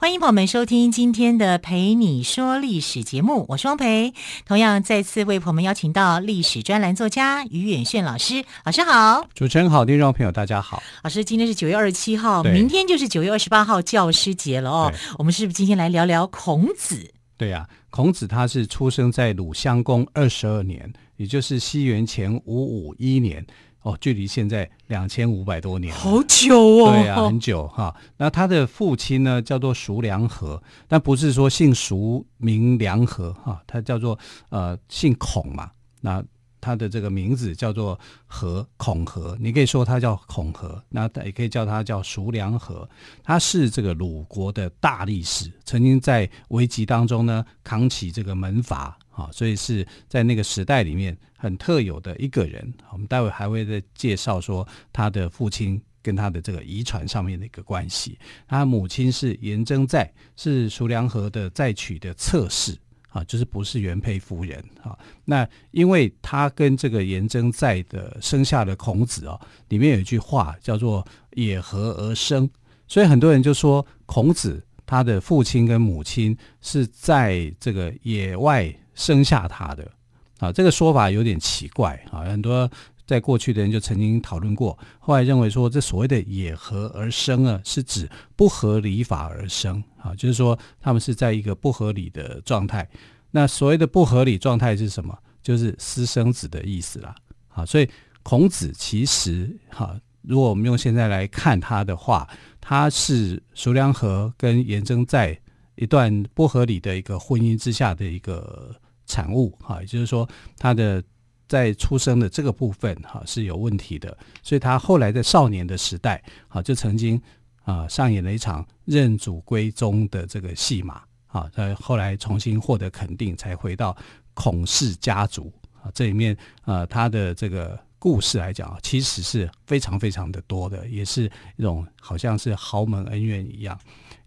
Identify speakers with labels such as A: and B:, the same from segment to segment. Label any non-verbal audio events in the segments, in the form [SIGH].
A: 歡迎朋友們收聽今天的《蓓你說歷史》節目，我是汪蓓。同樣再次為朋友們邀請到歷史專欄作家余遠炫老師，老師好，
B: 主持人好，聽眾朋友大家好。
A: 老師，今天是九月二十七號，明天就是九月二十八號教師節了哦。我們是不是今天來聊聊孔子？
B: 對呀、啊，孔子他是出生在魯襄公二十二年，也就是西元前五五一年。哦，距離現在兩千五百多年，好久哦，對啊，很久哈、哦。那他的父親呢，叫做叔梁紇，但不是說姓叔名梁紇哈，他叫做呃姓孔嘛。那。他的這個名字叫做紇，孔紇，你可以說他叫孔紇，那也可以叫他叫叔梁紇。他是這個魯國的大力士，曾經在危急當中呢扛起這個門閥啊，所以是在那個時代裡面很特有的一個人。我們待會還會再介紹說他的父親跟他的這個遺傳上面的一個關係。他母親是顏徵在，是叔梁紇的再娶的側室。啊，就是不是原配夫人啊？那因為他跟這個顏徵在的生下的孔子啊，裡面有一句話叫做“野合而生”，所以很多人就說孔子他的父親跟母親是在這個野外生下他的啊，這個說法有點奇怪啊，很多。在過去的人就曾經討論過，後來認為說，這所謂的“野合而生”啊，是指不合理法而生啊，就是說他們是在一個不合理的狀態。那所謂的不合理狀態是什麼？就是私生子的意思啦。啊，所以孔子其實哈，如果我們用現在來看他的話，他是叔梁紇跟顏徵在一段不合理的一個婚姻之下的一個產物。哈，也就是說他的。在出生的這個部分，哈是有問題的，所以他後來在少年的時代，好就曾經啊上演了一場認祖歸宗的這個戲碼，好，他後來重新獲得肯定，才回到孔氏家族，啊，這裡面啊他的這個故事來講，其實是非常非常的多的，也是一種好像是豪門恩怨一樣，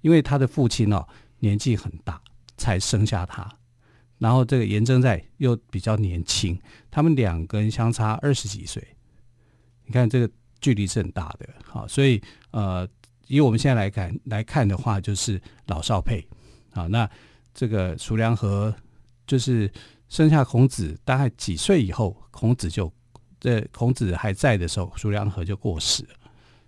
B: 因為他的父親呢年紀很大才生下他。然後這個顏徵在又比較年輕，他們兩個人相差二十幾歲，你看這個距離是很大的。好，所以呃，以我們現在來看來看的話，就是老少配。好，那這個叔梁紇就是生下孔子大概幾歲以後，孔子就這孔子還在的時候，叔梁纥就過世了。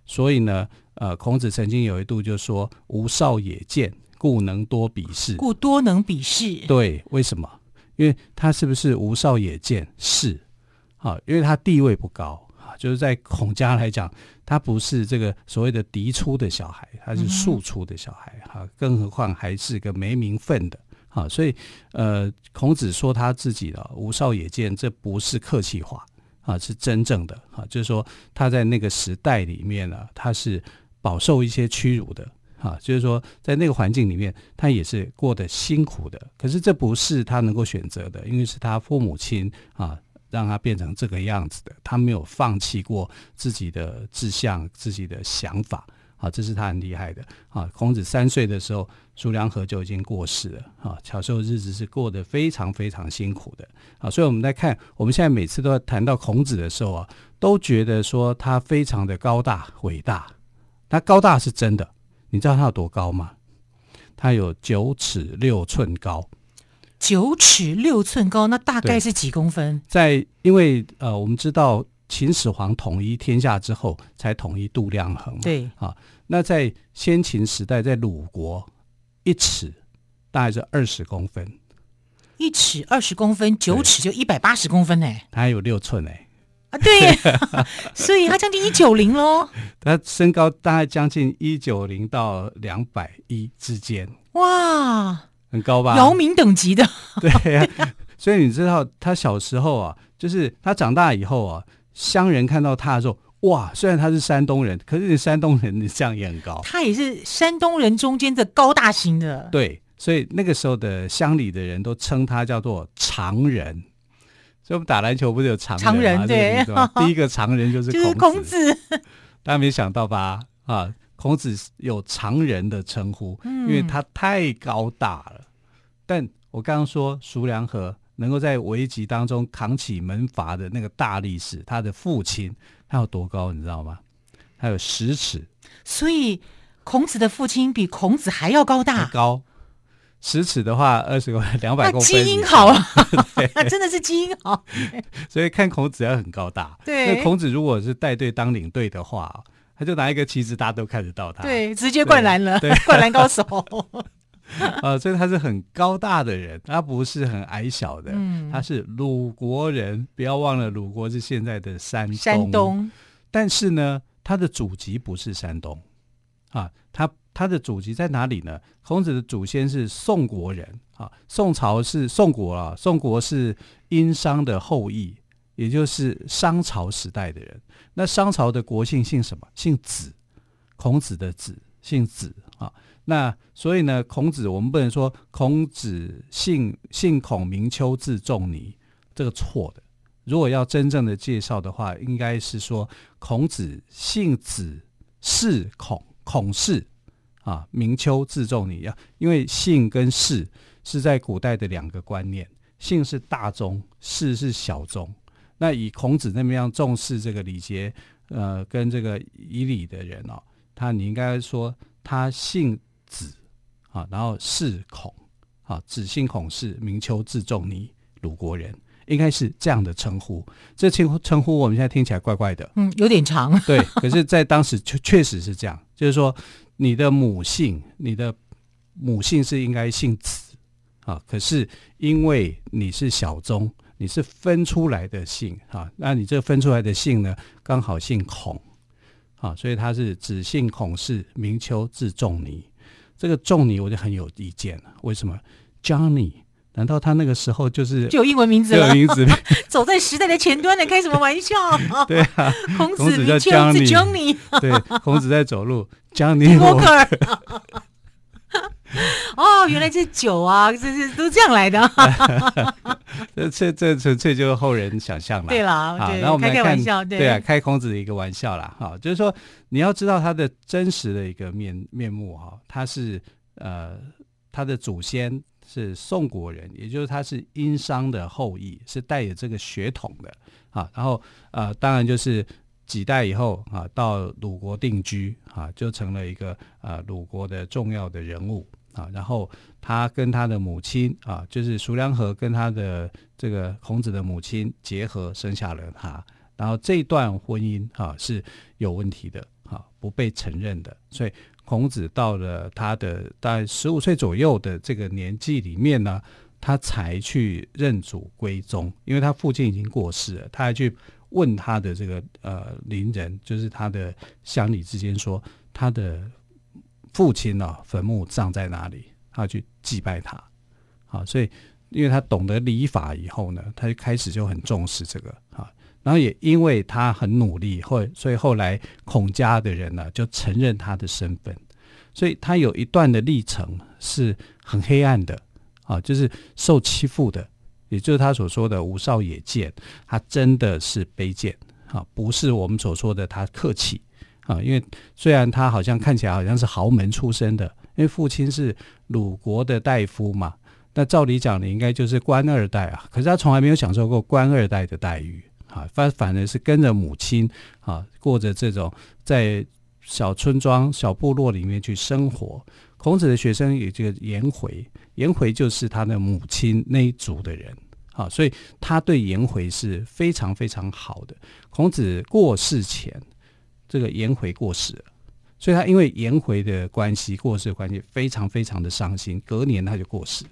B: 所以呢，呃，孔子曾經有一度就是說：“吾少也賤。故能多鄙事，故多能鄙事。對，為什麼？因為他是不是無少也賤，是，啊，因為他地位不高啊，就是在孔家來講，他不是這個所謂的嫡出的小孩，他是庶出的小孩哈，嗯，更何況還是個沒名分的啊，所以呃，孔子說他自己的無少也賤，這不是客氣話啊，是真正的啊，就是說他在那個時代裡面呢，啊，他是飽受一些屈辱的。啊，就是說，在那個環境裡面，他也是過得辛苦的。可是這不是他能夠選擇的，因為是他父母親啊，讓他變成這個樣子的。他沒有放棄過自己的志向、自己的想法。啊，這是他很厲害的。啊，孔子三歲的時候，叔梁紇就已經過世了。啊，小時候日子是過得非常非常辛苦的。啊，所以我們來看，我們現在每次都要談到孔子的時候啊，都覺得說他非常的高大偉大。他高大是真的。你知道它有多高嗎？它有九尺六寸高。九尺六寸高，那大概是幾公分？在因為呃，我們知道秦始皇統一天下之後，才統一度量衡。對啊，那在先秦時代，在魯國一尺大概是二十公分。
A: 一尺二十公分，九尺就一百八十公分誒、欸，
B: 它還有六寸誒、欸。啊，對， [LAUGHS] 所以他
A: 將近一九零嘍。
B: 他身高大概將近一九零到兩百一之間。
A: 哇，
B: 很高吧？姚明等級的。對呀， [LAUGHS] 所以你知道他小時候啊，就是他長大以後啊，鄉人看到他的時候，哇，雖然他是山東人，可是山東人的這樣也很高。
A: 他也是山東人中間的高大型的。
B: 對，所以那個時候的鄉里的人都稱他叫做長人。所以我們打籃球不是有常人嗎？常人，對。第一個常人就是孔子。就是孔子。大家沒想到吧？啊，孔子有常人的稱呼，嗯，因為他太高大了。但我剛剛說，叔梁紇能夠在危急當中扛起門閥的那個大力士，他的父親他有多高？你知道嗎？他有十尺。所以孔子的父親比孔子還要高大。還高。十尺的話，二十公兩百公分。那、啊、基因好那 [LAUGHS] 對 [LAUGHS] 真的是基因好。所以看孔子要很高大。對。那孔子如果是帶隊當領隊的話，他就拿一個旗子，大家都看得到他。對，直接灌籃了，對對灌籃高手、 [LAUGHS] 呃。所以他是很高大的人，他不是很矮小的。嗯、他是魯國人，不要忘了，魯國是現在的山東。山東。但是呢，他的祖籍不是山東，啊，他。他的祖籍在哪裡呢？孔子的祖先是宋國人啊。宋朝是宋國啊。宋國是殷商的後裔，也就是商朝時代的人。那商朝的國姓姓什麼？姓子。孔子的子姓子啊。那所以呢，孔子我們不能說孔子姓姓孔名丘字仲尼，這個錯的。如果要真正的介紹的話，應該是說孔子姓子，氏孔，孔氏。啊，名丘，字仲尼。因為姓跟氏是在古代的兩個觀念，姓是大宗，氏是小宗。那以孔子那麼樣重視這個禮節，呃，跟這個以禮的人哦，他你應該說他姓子啊，然後氏孔啊，子姓孔氏，名丘，字仲尼，魯國人，應該是這樣的稱呼。這稱稱呼我們現在聽起來怪怪的，嗯，有點長。對，可是，在當時確確實是這樣， [LAUGHS] 就是說。你的母姓，你的母姓是應該姓子啊，可是因為你是小宗，你是分出來的姓啊。那你這分出來的姓呢，剛好姓孔啊，所以他是子姓孔氏，名丘，字仲尼。這個仲尼我就很有意見了，為什麼？Johnny 難道他那個時候就是有英文名字？有名字，
A: [LAUGHS] 走在時代的前端的開什麼玩笑？ [LAUGHS] 對啊，孔子叫孔子 Johnny，, Johnny [LAUGHS] 對，
B: 孔子在走路 [LAUGHS] ，Johnny
A: Walker。 [LAUGHS] [LAUGHS] 哦，原來這酒啊， [LAUGHS] 這這都這樣來的、啊。
B: [LAUGHS] [LAUGHS] 這這純粹就是後人想象了。對了啊，然後我們開開玩笑對。對啊，開孔子的一個玩笑了哈，就是說你要知道他的真實的一個面面目哈、哦，他是呃他的祖先。是宋國人，也就是他是殷商的後裔，是帶有這個血統的啊。然後啊、呃，當然就是幾代以後啊，到魯國定居啊，就成了一個啊、呃，魯國的重要的人物啊。然後他跟他的母親啊，就是叔梁紇跟他的這個孔子的母親結合生下了他。然後這段婚姻啊是有問題的，哈、啊，不被承認的，所以。孔子到了他的大概十五歲左右的這個年紀裡面呢，他才去認祖歸宗，因為他父親已經過世了，他還去問他的這個呃鄰人，就是他的鄉里之間說他的父親呢、哦、墳墓葬在哪裡，他要去祭拜他。好，所以因為他懂得禮法以後呢，他就開始就很重視這個然後也因為他很努力，後所以後來孔家的人呢、啊、就承認他的身份，所以他有一段的歷程是很黑暗的啊，就是受欺負的，也就是他所說的“吾少也賤”，他真的是卑賤啊，不是我們所說的他客氣啊。因為雖然他好像看起來好像是豪門出身的，因為父親是魯國的大夫嘛，那照理講的應該就是官二代啊，可是他從來沒有享受過官二代的待遇。啊，反反而是跟着母親啊，過着這種在小村莊、小部落裡面去生活。孔子的學生也就顏回，顏回就是他的母親那一族的人啊，所以他對顏回是非常非常好的。孔子過世前，這個顏回過世了，所以他因為顏回的關係，過世的關係，非常非常的傷心，隔年他就過世了。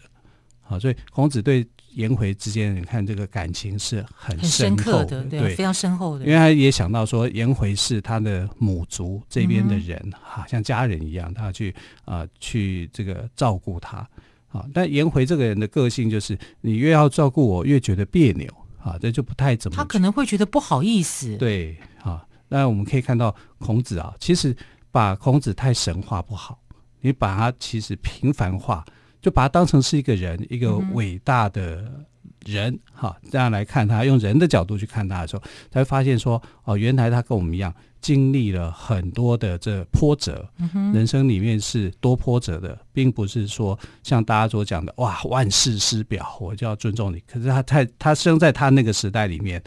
B: 好，啊，所以孔子對顏回之間，你看這個感情是很深厚的，很深刻的，對，非常深厚的。因為他也想到說，顏回是他的母族這邊的人哈，嗯、好像家人一樣，他去啊、呃、去這個照顧他。啊。但顏回這個人的個性就是，你越要照顧我，越覺得別扭啊，這就不太怎麼。他可能會覺得不好意思。對，啊，那我們可以看到孔子啊，其實把孔子太神化不好，你把他其實平凡化。就把他當成是一個人，一個偉大的人哈、嗯，這樣來看他，用人的角度去看他的時候，才會發現說，哦，原來他跟我們一樣，經歷了很多的這波折、嗯，人生裡面是多波折的，並不是說像大家所講的，哇，萬世師表，我就要尊重你。可是他太他生在他那個時代裡面。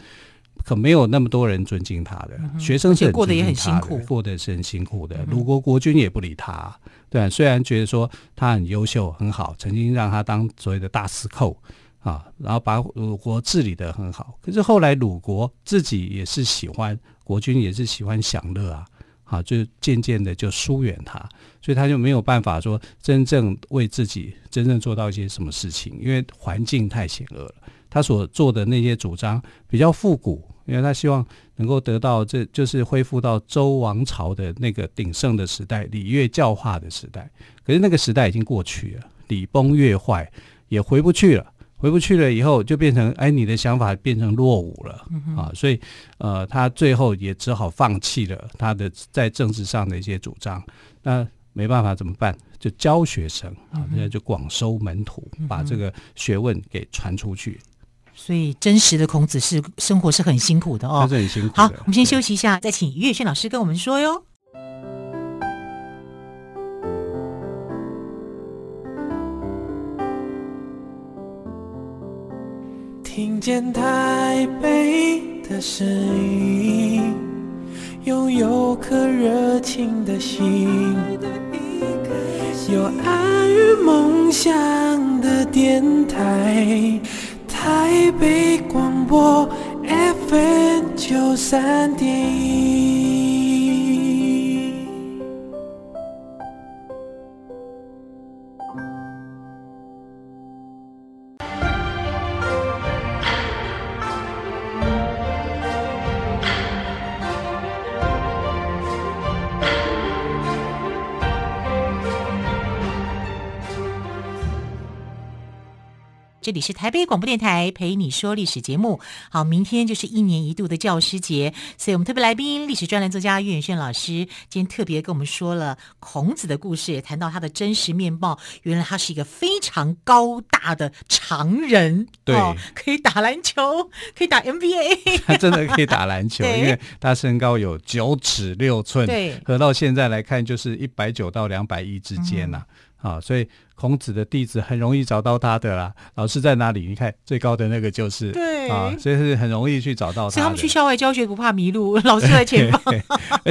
B: 可沒有那麼多人尊敬他的、嗯、學生是的，是過得也很辛苦，過得是很辛苦的。魯、嗯、國國君也不理他、啊，對、啊，雖然覺得說他很優秀、很好，曾經讓他當所謂的大司寇啊，然後把魯國治理得很好。可是後來魯國自己也是喜歡國君，也是喜歡享樂啊，啊，就漸漸的就疏遠他，所以他就沒有辦法說真正為自己真正做到一些什麼事情，因為環境太險惡了。他所做的那些主張比較復古。因為他希望能夠得到，這就是恢復到周王朝的那個鼎盛的時代，禮樂教化的時代。可是那個時代已經過去了，禮崩樂壞，也回不去了。回不去了以後，就變成哎，你的想法變成落伍了、嗯、啊。所以，呃，他最後也只好放棄了他的在政治上的一些主張。那沒辦法，怎麼辦？就教學生啊，現在就廣收門徒、嗯，把這個學問給傳出去。所以，真實的孔子是生活是很辛苦的哦。他是很辛苦的。好，我們
A: 先休息一下，再請於樂萱老師跟我們說喲。
B: 聽見台北的聲音，擁有，有顆熱情的心，有
A: 愛與夢想的電台。臺北廣播 FM 九三點一。這裡是台北廣播電臺陪你說歷史節目。好，明天就是一年一度的教師節，所以我們特別來賓，歷史專欄作家岳遠炫老師，今天特別跟我們說了孔子的故事，也談到他的真實面貌。原來他是一個非常高大的長人，對，哦、可以打籃球，可以打 NBA，他真的可以打
B: 籃球， [LAUGHS] 因為他身高有九尺六寸，對，合到現在來看就是一百九到兩百一之間吶、啊。嗯啊、哦，所以孔子的弟子很容易找到他的啦。老師在哪裡？你看最高的那個就是。對啊，所以是很容易去找到他的。所以他們去
A: 校外教學不怕迷路，老師在前
B: 方。哎，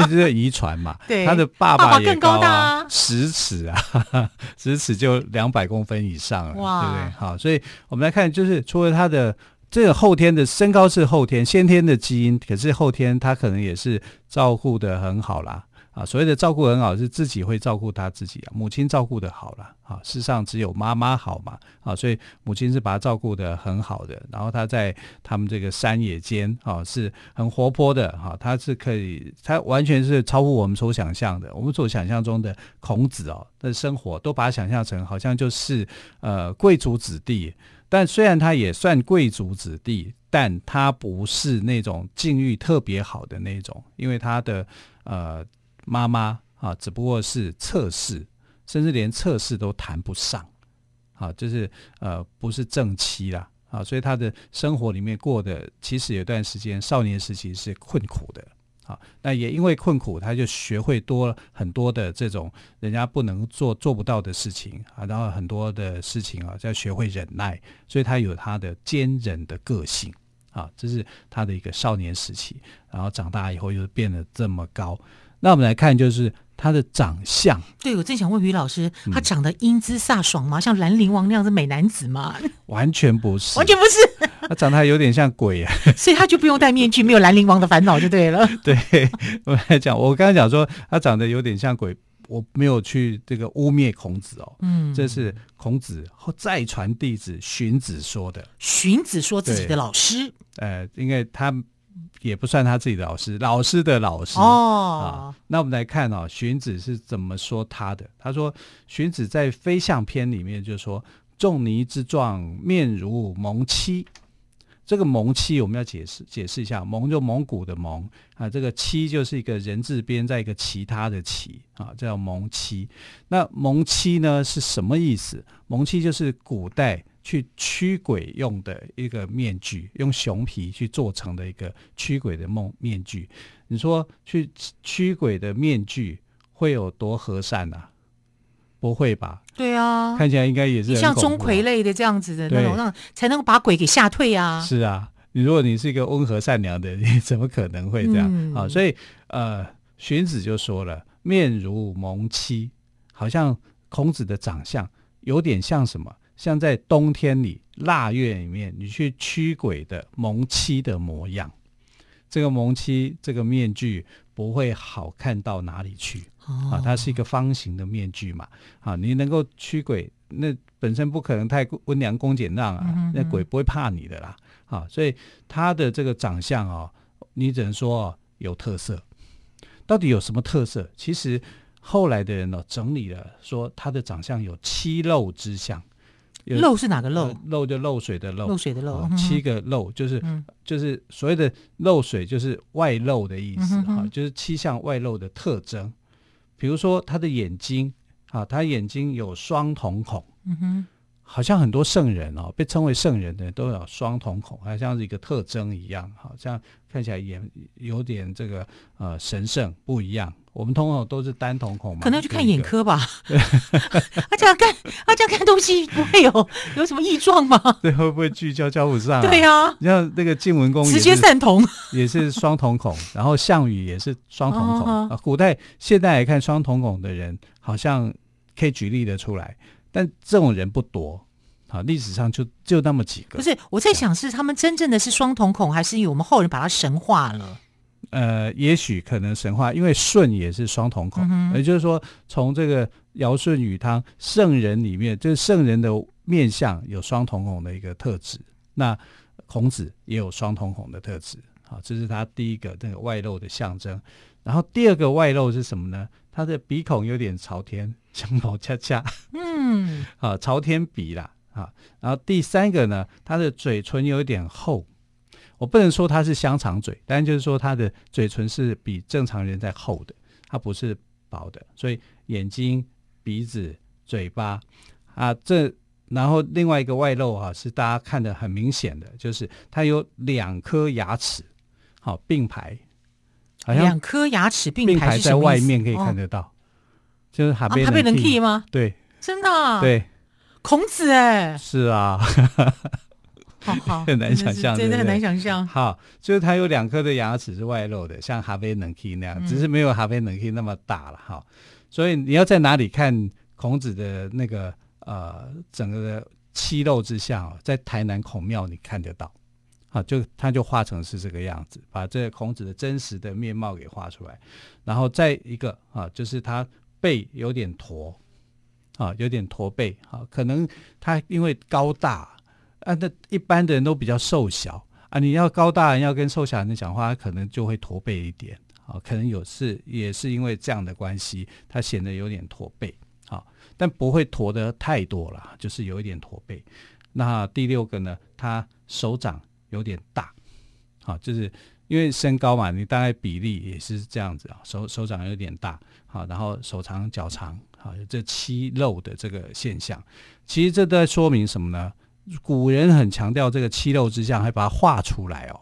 B: 就是遺傳嘛？對，他的爸爸高、啊啊、更高大啊，十尺啊，十尺就兩百公分以上了，哇對不對？好、哦，所以我們來看，就是除了他的這個後天的身高是後天、先天的基因，可是後天他可能也是照顧得很好啦。啊，所謂的照顧很好是自己會照顧他自己啊，母親照顧的好了啊，世上只有媽媽好嘛啊，所以母親是把他照顧得很好的。然後他在他們這個山野間啊，是很活潑的哈，啊，他是可以，他完全是超乎我們所想象的。我們所想象中的孔子哦的生活，都把他想象成好像就是呃貴族子弟，但雖然他也算貴族子弟，但他不是那種境遇特別好的那種，因為他的呃。媽媽啊，只不過是側室，甚至連側室都談不上，好，就是呃，不是正妻啦，好，所以他的生活裡面過的其實有段時間少年時期是困苦的，好，那也因為困苦，他就學會多很多的這種人家不能做做不到的事情啊，然後很多的事情啊，要學會忍耐，所以他有他的堅忍的個性，啊，這是他的一個少年時期，然後長大以後又變得這麼高。那我們來看，就是他的長相。對，我正想問於老師，他長得
A: 英姿颯爽嗎？嗯、像蘭陵王那樣子美男子嗎？
B: 完全不是，完全不是。他長得還有點像鬼，啊， [LAUGHS]
A: 所以他就不用戴面具， [LAUGHS] 沒有蘭陵王的煩惱就對了。
B: 對我來講，我剛才講說他長得有點像鬼，我沒有去這個污衊孔子哦。嗯，這是孔子再傳弟子荀子說的。荀子說自己的老師。呃，因為他。也不算他自己的老師，老師的老師。哦，啊，那我們來看啊、哦，荀子是怎麼說他的？他說，荀子在《非相篇》裡面就是說：“仲尼之狀，面如蒙漆。”這個蒙漆，我們要解釋解釋一下。蒙就蒙古的蒙啊，這個漆就是一個人字邊在一個其他的漆啊，叫蒙漆。那蒙漆呢是什麼意思？蒙漆就是古代。去驅鬼用的一個面具，用熊皮去做成的一個驅鬼的夢面具。你說去驅鬼的面具會有多和善吶、啊？不會吧？
A: 對啊，看
B: 起來應該也是、啊、像鍾馗
A: 類的這樣子的那種，才能才能把鬼給嚇退啊。是
B: 啊，你如果你是一個溫和善良的，你怎麼可能會這樣啊、嗯哦？所以，呃，荀子就說了，面如蒙漆，好像孔子的長相有點像什麼？像在冬天裡、臘月裡面，你去驅鬼的蒙倛的模樣，這個蒙倛這個面具不會好看到哪裡去、哦、啊！它是一個方形的面具嘛，啊，你能夠驅鬼，那本身不可能太溫良恭儉讓啊、嗯哼哼，那鬼不會怕你的啦，啊，所以他的這個長相哦，你只能說、哦、有特色。到底有什麼特色？其實後來的人呢、哦，整理了說他的長相有七露之相。漏是哪個漏？漏、呃、就漏水的漏，漏水的漏、嗯。七個漏就是、嗯、就是所謂的漏水，就是外漏的意思哈、嗯哦，就是七項外漏的特徵。比如說他的眼睛啊，他眼睛有雙瞳孔。嗯好像很多聖人哦，被稱為聖人的都有雙瞳孔，好像是一個特徵一樣，好像看起來也有點這個呃神聖不一樣。我們通常都是單瞳孔嘛，可能要去看眼科
A: 吧。而且、 [LAUGHS] 啊、看而且、啊、看東西
B: 不會有 [LAUGHS] [LAUGHS] 有什麼異狀嗎？對，會不會聚焦焦不上、啊？ [LAUGHS] 對呀、啊。你像那個晉文公直接散瞳 [LAUGHS] 也是雙瞳孔，然後項羽也是雙瞳孔。 [LAUGHS] 啊、古代現代來看雙瞳孔的人，好像可以舉例的出來。但這種人不多，啊，歷史上就就那麼幾個。不是
A: 我在想，是他們真正的是雙瞳孔，還是因為我們後人把它神化了？
B: 呃，也許可能神化，因為舜也是雙瞳孔，也、嗯、就是說，從這個堯舜禹湯聖人裡面，就是聖人的面相有雙瞳孔的一個特質。那孔子也有雙瞳孔的特質，好，這是他第一個那個外露的象徵。然後第二個外露是什麼呢？他的鼻孔有點朝天。像毛恰恰，嗯，好， [LAUGHS] 朝天鼻啦，啊，然後第三個呢，他的嘴唇有一點厚，我不能說他是香腸嘴，但就是說他的嘴唇是比正常人在厚的，他不是薄的，所以眼睛、鼻子、嘴巴啊，這然後另外一個外露哈、啊，是大家看得很明顯的，就是他有兩顆牙齒，好並排，好像兩顆
A: 牙齒並排在外面可以看
B: 得到。就是哈貝能 key 嗎？對，
A: 真的、啊。對，孔子哎、欸，
B: 是啊， [LAUGHS] 好好 [LAUGHS] 很難想象，真的很難想象。好，就是他有兩顆的牙齒是外露的，像哈貝能 key 那樣、嗯，只是沒有哈貝能 key 那麼大了。哈，所以你要在哪裡看孔子的那個呃整個的七露之下，在台南孔廟你看得到。好，就他就畫成是這個樣子，把這孔子的真實的面貌給畫出來。然後再一個啊，就是他。背有點駝，啊，有點駝背，啊，可能他因為高大，啊，那一般的人都比較瘦小，啊，你要高大人要跟瘦小人講話，他可能就會駝背一點，啊，可能有是也是因為這樣的關係，他顯得有點駝背，啊，但不會駝得太多了，就是有一點駝背。那第六個呢，他手掌有點大，啊，就是因為身高嘛，你大概比例也是這樣子啊，手手掌有點大。啊，然後手長腳長，啊，這七漏的這個現象，其實這在說明什麼呢？古人很強調這個七漏之相，還把它畫出來哦。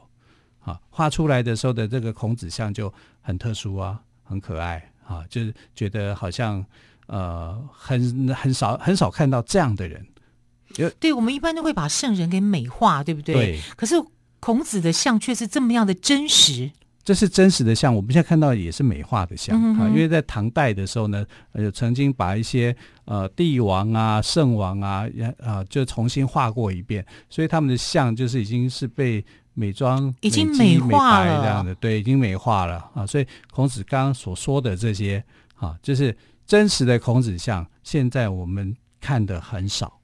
B: 啊，畫出來的時候的這個孔子像就很特殊啊，很可愛啊，就是覺得好像呃，很很少很少看到這樣的人。對，我們一般都會把聖人給美化，對不對？對。可
A: 是孔子的像卻是這麼樣的真實。
B: 這是真實的像，我們現在看到也是美化的像啊、嗯。因為在唐代的時候呢，呃，曾經把一些呃帝王啊、聖王啊，啊、呃，就重新畫過一遍，所以他們的像就是已經是被美妝美美已經美化了這樣的。對，已經美化了啊。所以孔子剛剛所說的這些、啊、就是真實的孔子像，現在我們看的很少，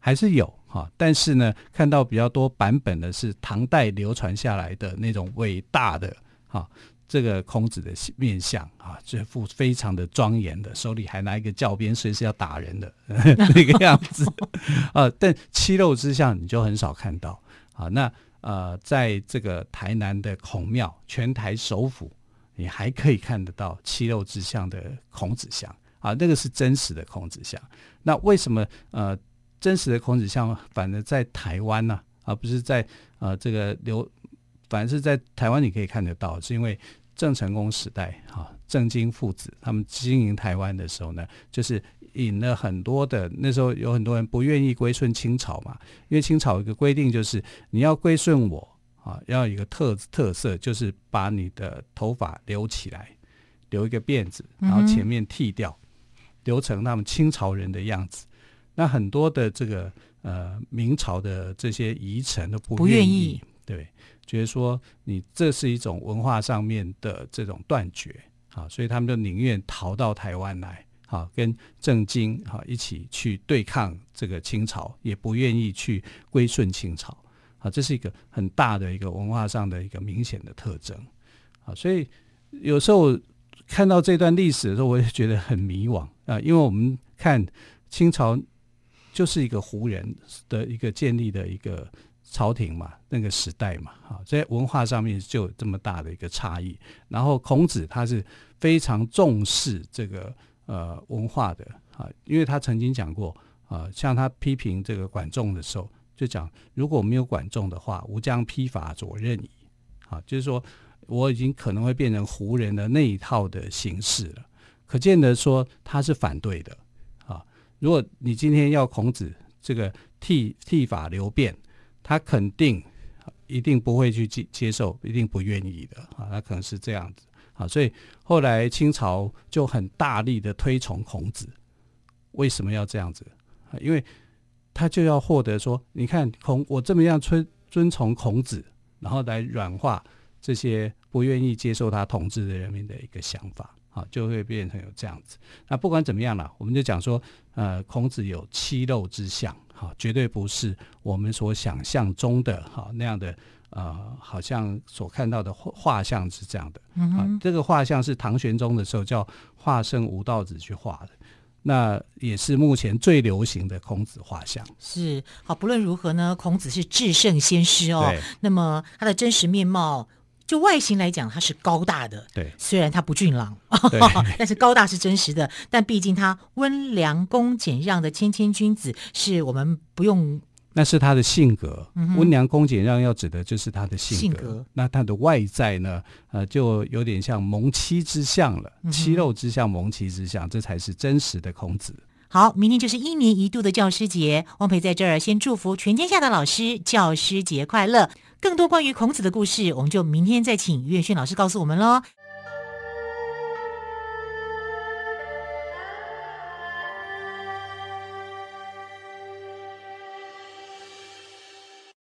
B: 還是有哈、啊，但是呢，看到比較多版本的是唐代流傳下來的那種偉大的。好，這個孔子的面相啊，這副非常的莊嚴的，手裡還拿一個教鞭，隨時要打人的呵呵那個樣子 [LAUGHS] 啊。但七肉之相你就很少看到啊。那呃，在這個台南的孔廟，全台首府，你還可以看得到七肉之相的孔子像啊。那個是真實的孔子像。那為什麼呃真實的孔子像反而在台灣呢？啊。而、啊、不是在呃這個留？反正是在台灣，你可以看得到，是因為鄭成功時代，哈、啊，鄭經父子他們經營台灣的時候呢，就是引了很多的，那時候有很多人不願意歸順清朝嘛，因為清朝有一個規定，就是你要歸順我啊，要有一個特特色，就是把你的頭髮留起來，留一個辮子，然後前面剃掉，嗯，留成他們清朝人的樣子。那很多的這個呃明朝的這些遺臣都不願意。對，覺得說你這是一種文化上面的這種斷絕啊，所以他們就寧願逃到台灣來，啊，跟鄭經哈一起去對抗這個清朝，也不願意去歸順清朝啊，這是一個很大的一個文化上的一個明顯的特徵啊。所以有時候看到這段歷史的時候，我也覺得很迷惘啊，因為我們看清朝就是一個胡人的一個建立的一個。朝廷嘛，那個時代嘛，啊，在文化上面就有這麼大的一個差異。然後孔子他是非常重視這個呃文化的啊，因為他曾經講過，啊、呃，像他批評這個管仲的時候，就講如果沒有管仲的話，吾將披髮左衽矣。啊，就是說我已經可能會變成胡人的那一套的形式了。可見得說他是反對的啊。如果你今天要孔子這個剃剃髮留辮，他肯定一定不會去接接受，一定不願意的啊！他可能是這樣子啊，所以後來清朝就很大力的推崇孔子。為什麼要這樣子？啊，因為他就要獲得說，你看孔，我這麼樣尊尊崇孔子，然後來軟化這些不願意接受他統治的人民的一個想法。好，就會變成有這樣子。那不管怎麼樣了，我們就講說，呃，孔子有七露之相，好，絕對不是我們所想象中的哈、哦、那樣的呃，好像所看到的畫像是這樣的。嗯，這個畫像是唐玄宗的時候叫畫聖吳道子去畫的，那也是目前最流行的孔子畫像。
A: 是，好，不論如何呢，孔子是至聖先師哦。那麼，他的真實面貌。就外形來講，他是高大的。對，雖然他不俊
B: 朗，
A: 哦，但是高大是真實的。但畢竟他溫良恭儉讓的謙謙君子，是我們不用。
B: 那是他的性格，嗯、溫良恭儉讓要指的就是他的性格，性格。那他的外在呢？呃，就有點像蒙妻之相了，妻、嗯、肉之相，蒙妻之相，這才是真實的孔子。好，明天就是一年
A: 一度的教師節，汪蓓在這兒先祝福全天下的老師，教師節快樂。更多關於孔子的故事，我們就明天再請岳軒老師告訴我們嘍。